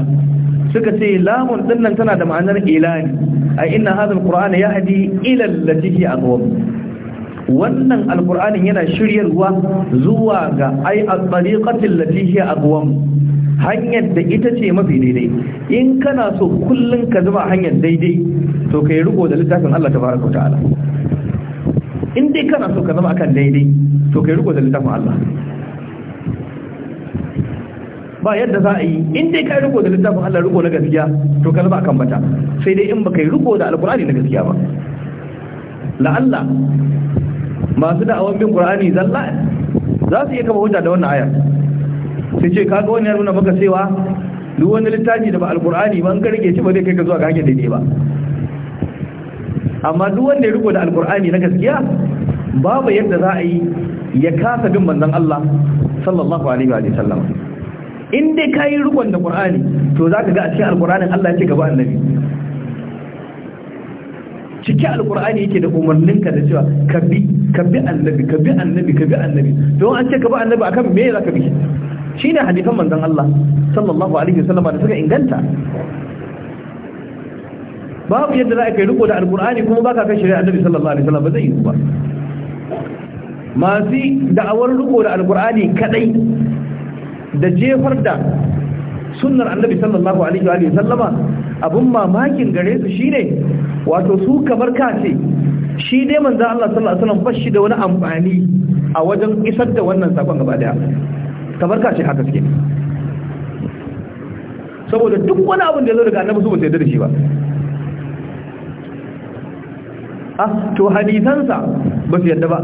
suka ce lamun dinnan tana da ma'anar ilani ai inna hadha alqur'ana yahdi ila allati a aqwam wannan alqur'anin yana shiryarwa zuwa ga ai at-tariqati allati hanyar da ita ce mafi daidai in kana so kullum ka zama hanyar daidai to kai riko da littafin Allah tabaaraka ta'ala in dai kana so ka zama akan daidai to kai riko da littafin Allah ba yadda za a yi in dai kai riko da littafin Allah riko na gaskiya to ka zama akan bata sai dai in baka yi riko da alkurani na gaskiya ba la'alla masu da'awar bin qur'ani zalla za su iya kama hujja da wannan aya. sai ce kaga wani ya nuna maka cewa duk wani littafi da ba alkur'ani ba an rage shi ba zai kai ka zuwa ga hanyar daidai ba amma duk wanda ya riko da alkur'ani na gaskiya babu yadda za a yi ya kasa bin manzon Allah sallallahu alaihi wa sallam in dai ka yi rikon da qur'ani to za ka ga a cikin alkur'anin Allah yake gaba annabi ciki alkur'ani yake da umarninka da cewa ka bi ka bi annabi ka bi annabi ka bi annabi don an ce ka bi annabi akan me za ka bi shine hadisan manzon Allah sallallahu alaihi wa sallam da suka inganta babu yadda za a kai riko da alkur'ani kuma baka kai shari'a annabi sallallahu alaihi wasallam ba zai yi ba masu da'awar riko da alkur'ani kadai da jefar da sunnar annabi sallallahu alaihi wa sallama abun mamakin gare su shine wato su kamar kace shi dai manzo Allah sallallahu alaihi wasallam bashi da wani amfani a wajen isar da wannan sakon gaba daya kamar kace haka suke saboda duk wani abu da ya zo daga annabi su ba sai da shi ba ah to hadisansa ba su yadda ba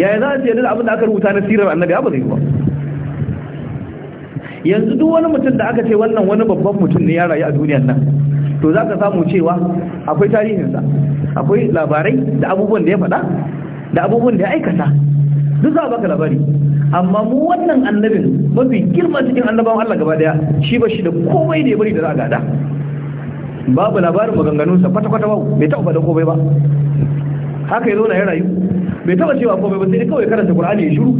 yaya za su yadda da aka rubuta na sirar annabi ba zai ba yanzu duk wani mutum da aka ce wannan wani babban mutum ne ya rayu a duniyar nan to za ka samu cewa akwai tarihinsa akwai labarai da abubuwan da ya faɗa da abubuwan da ya aikata duk za a baka labari amma mu wannan annabin mafi girma cikin annabawan Allah gaba daya shi ba shi da komai da ya bari da za a gada babu labarin maganganunsa kwata-kwata ba bai taɓa da komai ba haka ya zauna ya rayu bai taba cewa komai ba sai dai kawai karanta qur'ani ya shiru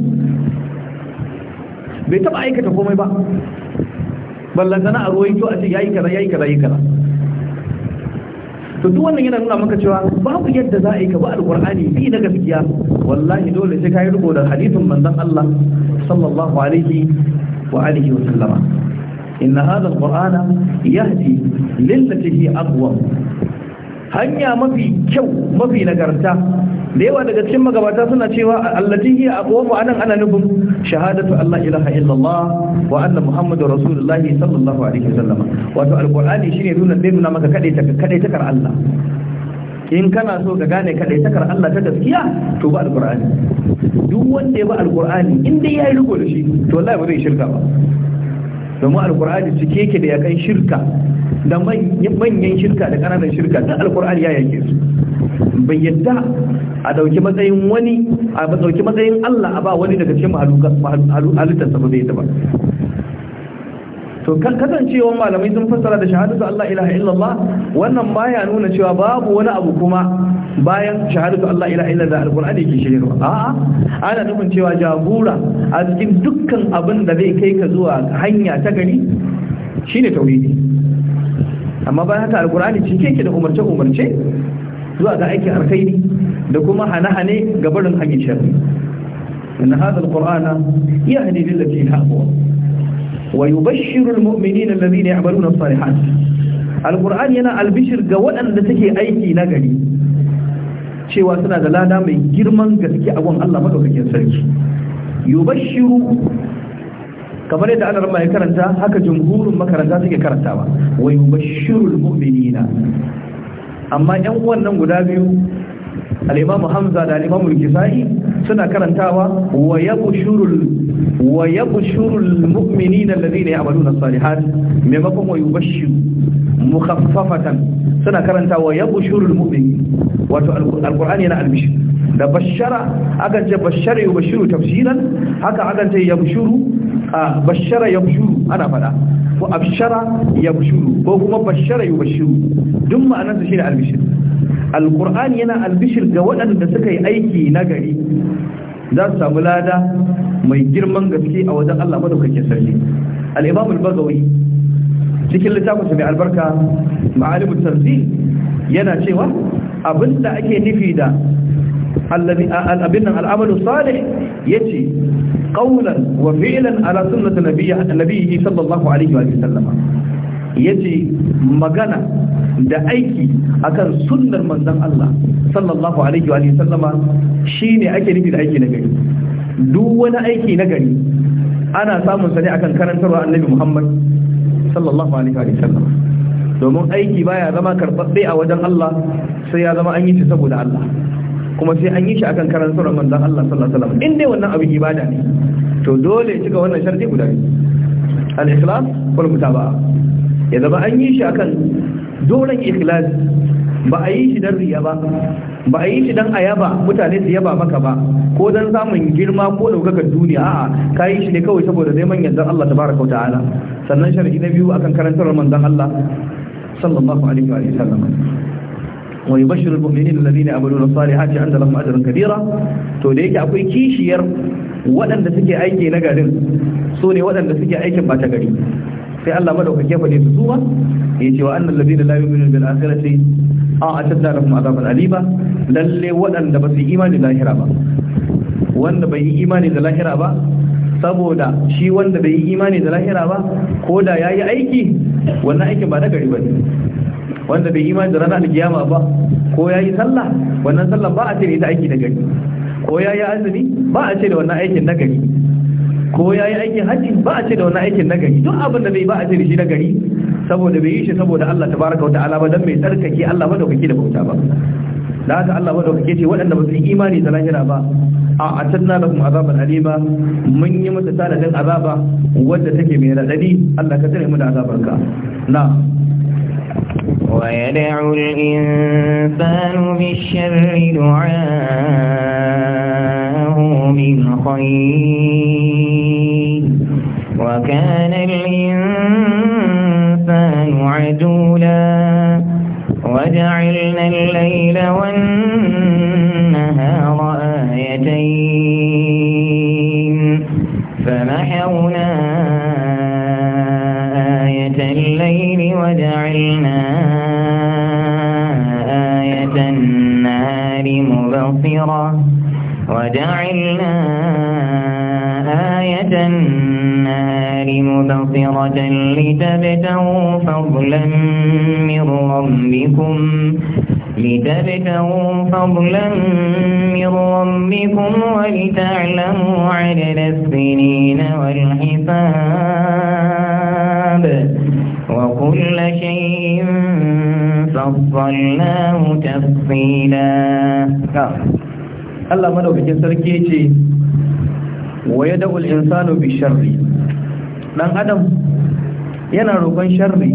bai taba aikata komai ba ballan sana a ruwaito a ce yayi kaza yayi kaza yayi kaza to duk wannan yana nuna maka cewa babu yadda za a yi ka ba alqur'ani bi na gaskiya wallahi dole sai ka yi riko da hadisin manzon Allah sallallahu alaihi wa alihi wa sallama إن هذا القرآن يهدي للتي هي أقوى hanya mafi kyau mafi nagarta da yawa daga cikin magabata suna cewa allati hiya aqwamu anan ana nufin shahadatu Allah ilaha illallah wa anna muhammadur rasulullahi sallallahu alaihi wasallam wato alqur'ani shine nuna dai nuna maka kade ta kade ta kar Allah in kana so ka gane kade ta kar Allah ta gaskiya to ba alqur'ani duk wanda ya ba alqur'ani in dai yayi riko da shi to wallahi ba zai shirka ba domin alkur'ani su keke da yakan shirka da manyan shirka da ƙananan shirka ta alkur'ani ya yake su bai yadda a dauki matsayin wani a dauki matsayin Allah a ba wani daga cikin halittarsa ba zai ba to kasancewa malamai sun fassara da shahadatu Allah ilaha illallah wannan baya nuna cewa babu wani abu kuma bayan shahadatu Allah ila illa da alqur'ani ke shiryarwa a'a ana nufin cewa jagora a cikin dukkan abin da zai kai ka zuwa hanya ta gari shine tauhidi amma bayan haka alqur'ani cike yake da umarce umarce zuwa ga aikin alkhairi da kuma hane-hane ga barin hanyar sharri inna hadha alqur'ana yahdi lil lati haqwa wa yubashshiru almu'minina alladhina ya'maluna as-salihat alqur'ani yana albishir ga waɗanda take aiki na gari cewa suna da lada mai girman gaske a gun Allah maɗaukakin sarki yubashiru kamar yadda ana ya karanta haka jumhurin makaranta suke karantawa wa yubashirul mu'minina amma yan wannan guda biyu al-imamu Hamza da al-imamu Kisai suna karantawa wa yabshurul wa yabshurul mu'minina alladhina ya'maluna as-salihat maimakon wa yubashshiru mukhaffafatan suna karantawa wa yabshurul mu'min wato alqur'ani yana albishir da bashara akan ce bashara yubashiru tafsiran haka akan ce yabshuru bashara yabshuru ana fada ko abshara yabshuru ko kuma bashara yubashiru duk ma'anar su shine albishir alqur'ani yana albishir ga waɗanda suka yi aiki nagari za su samu lada mai girman gaske a wajen Allah madaukakin sarki al Imamul al cikin littafin mai albarka ma'alimut tanzil yana cewa abinda ake nufi da abin nan al'amalu salih yace qawlan wa fi'lan ala sunnati nabiyyi sallallahu alaihi wa sallam yace magana da aiki akan sunnar manzon Allah sallallahu alaihi wa sallama shine ake nufi da aiki na gari duk wani aiki na gari ana samun sa ne akan karantarwa annabi Muhammad sallallahu alaihi wa sallama domin aiki baya zama karbabbe a wajen Allah sai ya zama an yi shi saboda Allah kuma sai an yi shi akan karantar manzon Allah sallallahu alaihi wasallam in dai wannan abin ibada ne to dole ya cika wannan sharti guda al-ikhlas wal mutaba'a ya zama an yi shi akan doron ikhlasi ba a yi shi don riya ba ba a yi shi don ayaba mutane su yaba maka ba ko don samun girma ko daukakar duniya a ka yi shi ne kawai saboda zai manyan don Allah tabaraka ta'ala sannan sharhi na biyu akan karantar manzon Allah sallallahu alaihi wa sallam wa yubashshiru al-mu'minina alladhina ya'maluna as-salihati anna lahum ajran kabira to da yake akwai kishiyar waɗanda suke aiki na garin so ne waɗanda suke aikin ba ta gari sai Allah madaukake ne su zuwa ya ce wa annal ladina la yu'minu bil akhirati a atadda lahum azaban aliba lalle waɗanda ba su imani lahira ba wanda bai yi imani da lahira ba saboda shi wanda bai yi imani da lahira ba ko da ya yi aiki wannan aikin ba na gari ba ne wanda bai yi imani da ranar alkiyama ba ko ya yi sallah wannan sallah ba a ce da ita aiki na gari ko ya yi azumi ba a ce da wannan aikin na gari ko ya yi aikin hajji ba a ce da wani aikin nagari duk abin da bai ba a ce da shi nagari saboda bai yi shi saboda Allah tabaraka wa ta'ala ba dan bai tsarkake Allah madaukake da bauta ba da haka Allah madaukake ce waɗanda ba su yi imani da lahira ba a atanna kuma azaban alima mun yi masa tanadin azaba wadda take mai radadi Allah ka tare mu da azabarka na ويدعو الإنسان بالشر دعاه بالخير وكان الإنسان عجولا وجعلنا الليل والنهار آيتين فمحونا آية الليل وجعلنا مغفرة وجعلنا آية النار مبصرة لتبتغوا فضلا من ربكم لتبتغوا فضلا من ربكم ولتعلموا عدد السنين والحساب وكل شيء فصلناه تفصيلا Allah madaukakin sarki ce wa ya da'ul insanu bi sharri dan adam yana roƙon sharri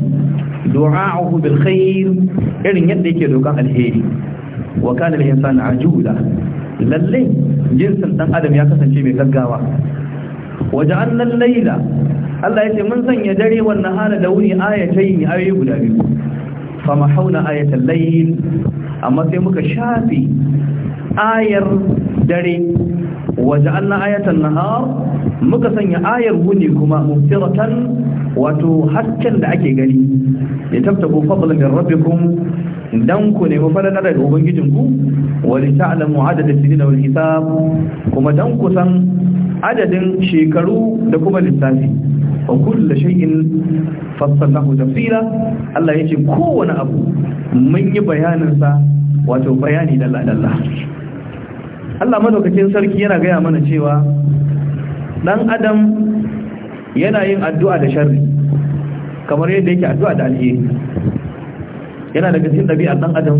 du'a'uhu bil khair irin yadda yake roƙon alheri wa kana al insanu ajula lalle jinsin dan adam ya kasance mai gaggawa wa ja'alna al-layla Allah ya ce mun sanya dare wannan hala da wuni ayatayn ayoyi guda biyu fama hauna ayatan layin amma sai muka shafi ayar dare waje na ayatan nahar muka sanya ayar wuni kuma muftiratan wato hasken da ake gani ya tabtaku fadlan min rabbikum dan ku ne mafalar daga ubangijinku wani ta'alamu adadin sinin da hisab kuma dan ku san adadin shekaru da kuma lissafi wa kullu shay'in fassalnahu tafsila Allah yace kowane abu mun yi bayanin sa wato bayani dalla dalla Allah madaukakin sarki yana gaya mana cewa dan adam yana yin addu'a da sharri kamar yadda yake addu'a da alheri yana daga cikin ɗabi'ar ɗan adam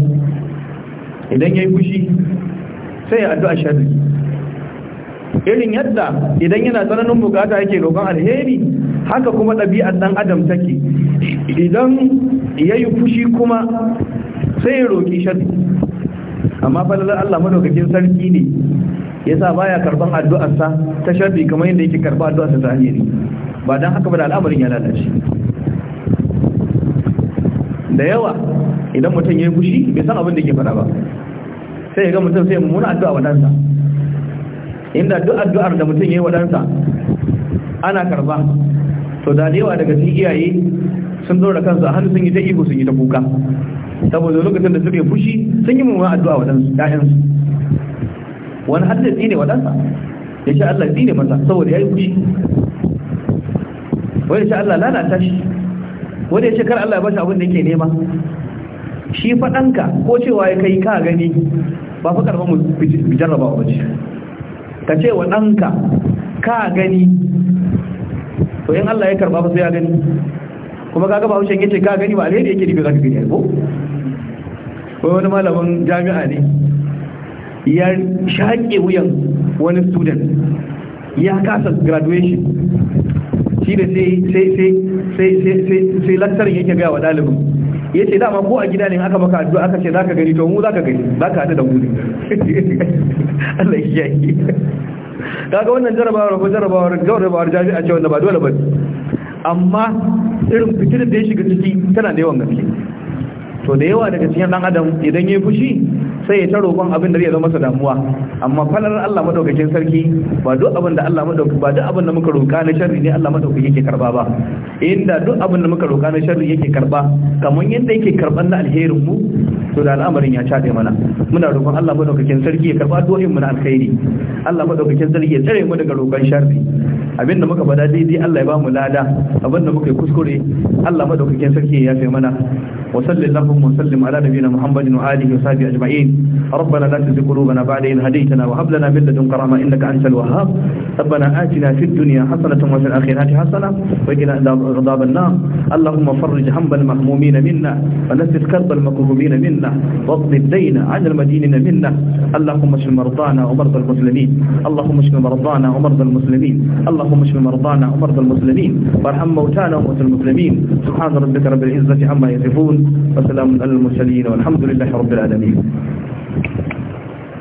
idan ya yi fushi sai ya addu'a shari irin yadda idan yana tsananin bukata yake roƙon alheri haka kuma ɗabi'ar ɗan adam take idan ya yi fushi kuma sai ya roƙi shari amma falalar Allah madaukakin sarki ne ya ba baya karɓar addu'arsa ta sharri kamar yadda yake karɓar addu'arsa ta hanyar ba don haka ba da al'amarin ya lalace da yawa idan mutum ya yi fushi bai san abin da ke fara ba sai ya ga mutum sai mummuna addu'a wa ɗansa inda duk addu'ar da mutum ya yi wa ɗansa ana karɓa. to da yawa daga cikin iyaye sun zo da kansu a hannu sun yi ta ihu sun yi ta kuka saboda lokacin da suke fushi sun yi mummuna addu'a waɗansu ƴaƴansu wani hadda tsine waɗansa ya sha Allah tsine masa saboda ya yi fushi wani ya sha Allah lalata shi wani ya ce kar Allah ya bashi abin da yake nema shi faɗanka ko cewa ya kai ka gani ba fa karfin mu jarraba wa ce ka ce wa ɗanka ka gani to in Allah ya karba ba sai ya gani kuma kaga ba haushen yace ka gani ba alheri yake ribi zaka gani ko ko wani malamin jami'a ne ya shaƙe wuyan wani student ya kasa graduation shi da sai sai sai sai sai sai yake ga wa dalibin ya ce dama ko a gida ne aka maka addu'a aka ce za ka gani to mu za ka gani za ka da mu ne Allah ya yi kaga wannan jarabawar ko jarabawar jarabawar jami'a ce wanda ba dole ba amma irin fitinar da ya shiga ciki tana da yawan gaske to da yawa daga cikin dan adam idan ya fushi sai ya ta roƙon abin da zai zama masa damuwa amma falalar Allah madaukakin sarki ba duk abin da Allah madaukaki ba duk abin da muka roƙa na sharri ne Allah madaukaki yake karba ba inda duk abin da muka roƙa na sharri yake karba kamar yadda yake karban na alherin mu to da al'amarin ya cade mana muna roƙon Allah madaukakin sarki ya karba duwayen mu na alkhairi Allah madaukakin sarki ya tsare mu daga roƙon sharri abin da muka faɗa daidai Allah ya ba mu lada abin da muka yi kuskure Allah madaukakin sarki ya yafe mana wa sallallahu wa sallim ala nabiyina Muhammadin wa alihi wa sahbihi ajma'in ربنا لا تزغ قلوبنا بعد إذ هديتنا وهب لنا من لدنك رحمة إنك أنت الوهاب ربنا آتنا في الدنيا حسنة وفي الآخرة حسنة وقنا عذاب النار اللهم فرج هم المهمومين منا ونسف كرب المكروبين منا واقض الدين عن المدينين منا اللهم اشف مرضانا ومرضى المسلمين اللهم اشف مرضانا ومرضى المسلمين اللهم اشف مرضانا ومرضى المسلمين وارحم موتانا وموتى المسلمين سبحان ربك رب العزة عما يصفون وسلام على المرسلين والحمد لله رب العالمين